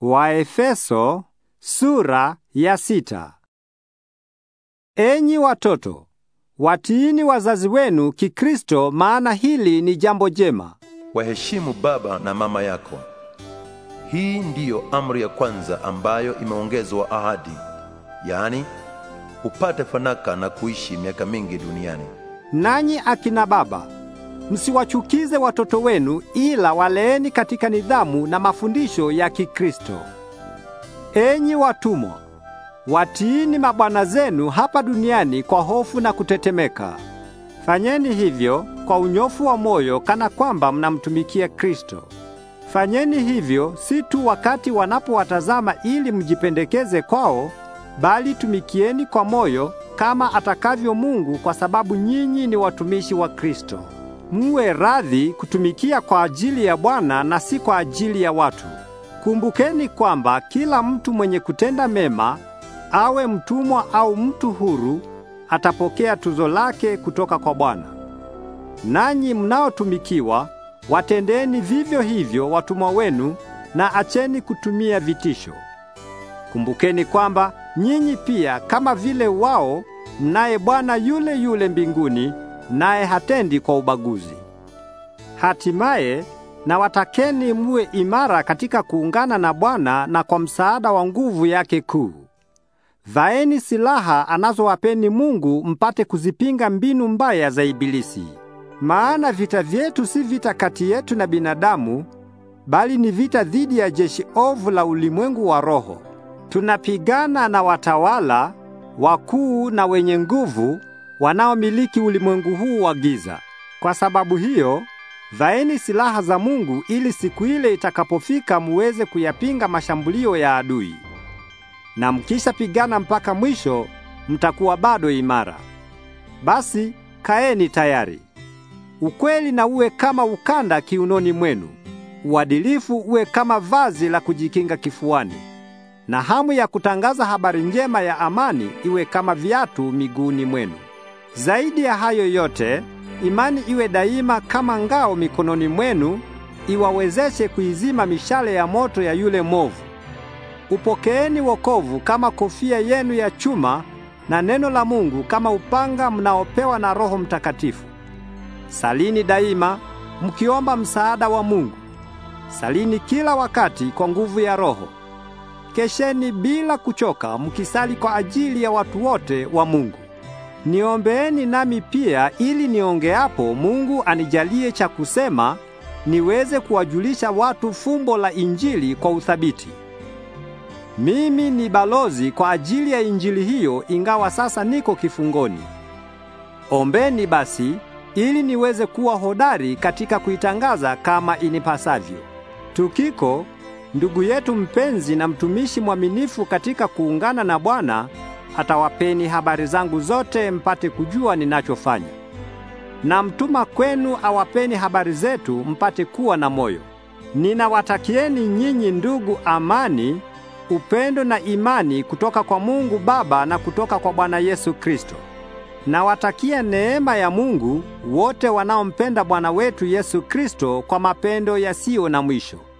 Waefeso sura ya sita. Enyi watoto, watiini wazazi wenu Kikristo, maana hili ni jambo jema. Waheshimu baba na mama yako. Hii ndiyo amri ya kwanza ambayo imeongezwa ahadi, yaani upate fanaka na kuishi miaka mingi duniani. Nanyi akina baba Msiwachukize watoto wenu, ila waleeni katika nidhamu na mafundisho ya Kikristo. Enyi watumwa, watiini mabwana zenu hapa duniani kwa hofu na kutetemeka. Fanyeni hivyo kwa unyofu wa moyo, kana kwamba mnamtumikia Kristo. Fanyeni hivyo si tu wakati wanapowatazama ili mjipendekeze kwao, bali tumikieni kwa moyo kama atakavyo Mungu, kwa sababu nyinyi ni watumishi wa Kristo muwe radhi kutumikia kwa ajili ya Bwana na si kwa ajili ya watu. Kumbukeni kwamba kila mtu mwenye kutenda mema, awe mtumwa au mtu huru, atapokea tuzo lake kutoka kwa Bwana. Nanyi mnaotumikiwa, watendeni vivyo hivyo watumwa wenu na acheni kutumia vitisho. Kumbukeni kwamba nyinyi pia kama vile wao mnaye Bwana yule yule mbinguni naye hatendi kwa ubaguzi. Hatimaye nawatakeni muwe imara katika kuungana na Bwana na kwa msaada wa nguvu yake kuu. Vaeni silaha anazowapeni Mungu mpate kuzipinga mbinu mbaya za ibilisi. Maana vita vyetu si vita kati yetu na binadamu, bali ni vita dhidi ya jeshi ovu la ulimwengu wa roho. Tunapigana na watawala, wakuu na wenye nguvu wanaomiliki ulimwengu huu wa giza. Kwa sababu hiyo, vaeni silaha za Mungu ili siku ile itakapofika muweze kuyapinga mashambulio ya adui. Na mkishapigana mpaka mwisho, mtakuwa bado imara. Basi kaeni tayari. Ukweli na uwe kama ukanda kiunoni mwenu. Uadilifu uwe kama vazi la kujikinga kifuani. Na hamu ya kutangaza habari njema ya amani iwe kama viatu miguuni mwenu. Zaidi ya hayo yote, imani iwe daima kama ngao mikononi mwenu, iwawezeshe kuizima mishale ya moto ya yule mwovu. Upokeeni wokovu kama kofia yenu ya chuma na neno la Mungu kama upanga mnaopewa na Roho Mtakatifu. Salini daima mkiomba msaada wa Mungu. Salini kila wakati kwa nguvu ya Roho. Kesheni bila kuchoka mkisali kwa ajili ya watu wote wa Mungu. Niombeeni nami pia ili niongeapo Mungu anijalie cha kusema niweze kuwajulisha watu fumbo la Injili kwa uthabiti. Mimi ni balozi kwa ajili ya Injili hiyo ingawa sasa niko kifungoni. Ombeni basi ili niweze kuwa hodari katika kuitangaza kama inipasavyo. Tukiko ndugu yetu mpenzi na mtumishi mwaminifu katika kuungana na Bwana atawapeni habari zangu zote mpate kujua ninachofanya. Na mtuma kwenu awapeni habari zetu mpate kuwa na moyo. Ninawatakieni nyinyi ndugu amani, upendo na imani kutoka kwa Mungu Baba na kutoka kwa Bwana Yesu Kristo. Nawatakia neema ya Mungu wote wanaompenda Bwana wetu Yesu Kristo kwa mapendo yasiyo na mwisho.